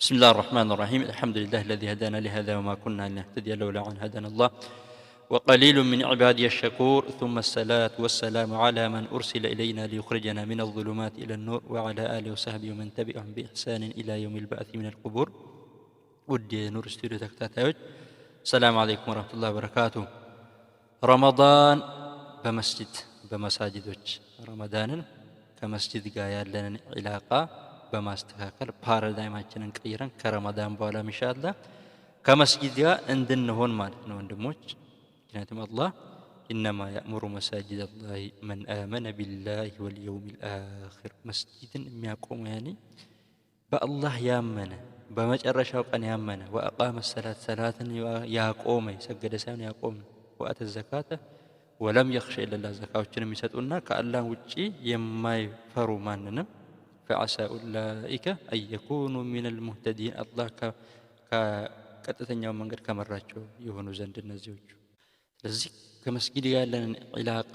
بسم الله الرحمن الرحيم الحمد لله الذي هدانا لهذا وما كنا لنهتدي لولا أن هدانا الله وقليل من عبادي الشكور ثم الصلاة والسلام على من أرسل إلينا ليخرجنا من الظلمات إلى النور وعلى آله وصحبه ومن تبعهم بإحسان إلى يوم البعث من القبور ودي نور استوديو تكتاتاوج السلام عليكم ورحمة الله وبركاته رمضان بمسجد بمساجد رمضان كمسجد قايا لنا علاقة በማስተካከል ፓራዳይማችንን ቀይረን ከረመዳን በኋላ ኢንሻአላህ ከመስጊድ ጋር እንድንሆን ማለት ነው ወንድሞች። ምክንያቱም አላህ ኢነማ ያእሙሩ መሳጅድ አላህ መን አመነ ቢላሂ ወልየውሚል አኺር መስጊድን የሚያቆሙ ያኔ በአላህ ያመነ በመጨረሻው ቀን ያመነ ወአቃመ ሰላት ሰላትን ያቆመ የሰገደ ሳይሆን ያቆመ ወአተ ዘካተ ወለም የኽሸ ኢለላህ ዘካዎችን የሚሰጡና ከአላህ ውጪ የማይፈሩ ማንንም ፈአሳ ኡላኢከ አየኩኑ ሚነል ሙህተዲን አላህ ከቀጥተኛው መንገድ ከመራቸው የሆኑ ዘንድ እነዚዎቹ። ስለዚህ ከመስጊድ ጋር ያለንን ዒላቃ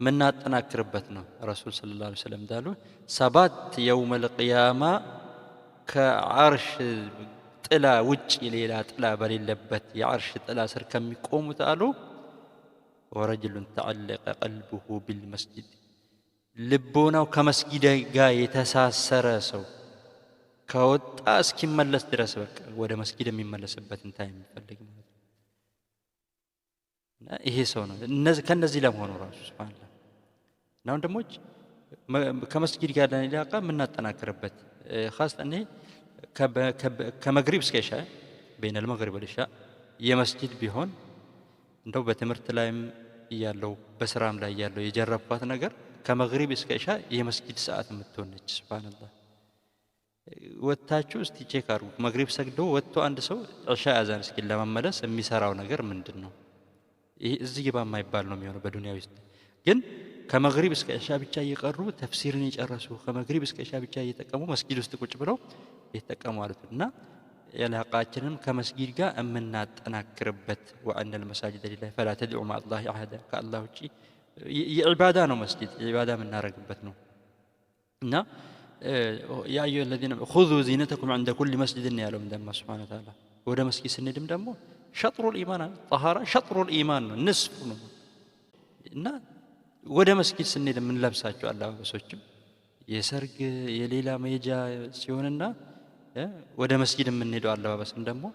የምናጠናክርበት ነው። ረሱል ሰለላሁ ዐለይሂ ወሰለም እንዳሉ ሰባት የውመል ቅያማ ከዓርሽ ጥላ ውጭ ሌላ ጥላ በሌለበት የአርሽ ጥላ ስር ከሚቆሙት አሉ ወረጅሉን ተዓለቀ ቀልቡሁ ቢልመስጅድ ልቦናው ከመስጊድ ጋር የተሳሰረ ሰው ከወጣ እስኪመለስ ድረስ በቃ ወደ መስጊድ የሚመለስበትን ታይም የሚፈልግ ማለት ነው። ይሄ ሰው ነው ከእነዚህ ለመሆኑ ራሱ ስብንላ እና ወንድሞች ከመስጊድ ጋር ለን የምናጠናክርበት ካስ እኔ ከመግሪብ እስከ ኢሻ በይነል መግሪብ ልሻ ኢሻ የመስጊድ ቢሆን እንደው በትምህርት ላይም እያለው በስራም ላይ እያለው የጀረብኳት ነገር ከመግሪብ እስከ እሻ የመስጊድ ሰዓት የምትሆነች ስብሓንላህ። ወጥታችሁ እስቲ ቼክ አድርጉ። መግሪብ ሰግዶ ወጥቶ አንድ ሰው እሻ ያዛን እስኪ ለመመለስ የሚሰራው ነገር ምንድን ነው? ይህ እዚህ ግባ የማይባል ነው የሚሆነው። በዱንያ ውስጥ ግን ከመግሪብ እስከ እሻ ብቻ እየቀሩ ተፍሲርን የጨረሱ ከመግሪብ እስከ እሻ ብቻ እየጠቀሙ መስጊድ ውስጥ ቁጭ ብለው የተጠቀሙ አሉት እና የላቃችንም ከመስጊድ ጋር የምናጠናክርበት ወአነል መሳጅደ ሊላህ ፈላ ተድዑ ማአላህ አሐዳ ከአላህ ውጪ የዒባዳ ነው መስጊድ ዒባዳ የምናደረግበት ነው እና የአዩ ለዚነ ሁዙ ዚነተኩም ዕንደ ኩል መስጅድ ነው ያለው እንደማ ስብን ታላ ወደ መስጊድ ስንድም ደግሞ ሸጥሩ ልኢማን ጠሃራ ሸጥሩ ልኢማን ነው ንስፍ ነው እና ወደ መስጊድ ስንሄድ የምንለብሳቸው አለባበሶችም የሰርግ የሌላ መሄጃ ሲሆንና ወደ መስጊድ የምንሄደው አለባበስም ደግሞ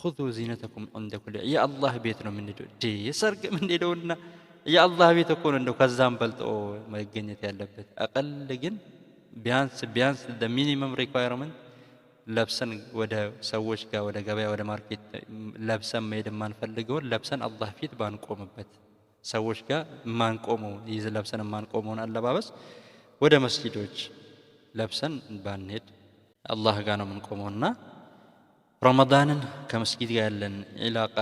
ሁዙ ዚነተኩም ዕንደ ኩል የአላህ ቤት ነው የምንሄደው የሰርግ የምንሄደውና የአላህ ቤት እኮ ነው እንደው ከዛም በልጦ መገኘት ያለበት። አቀል ግን ቢያንስ ቢያንስ ሚኒመም ሪኳየርመንት ለብሰን ወደ ሰዎች ጋር ወደ ገበያ ወደ ማርኬት ለብሰን መሄድ የማንፈልገውን ለብሰን አላህ ፊት ባንቆምበት ሰዎች ጋር የማንቆመውን ይዘ ለብሰን የማንቆመውን አለባበስ ወደ መስጊዶች ለብሰን ባንሄድ አላህ ጋር ነው የምንቆመውና ረመዳንን ከመስጊድ ጋር ያለን ኢላቃ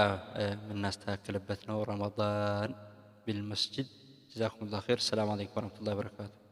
የምናስተካክልበት ነው ረመዳን بالمسجد جزاكم الله خير السلام عليكم ورحمة الله وبركاته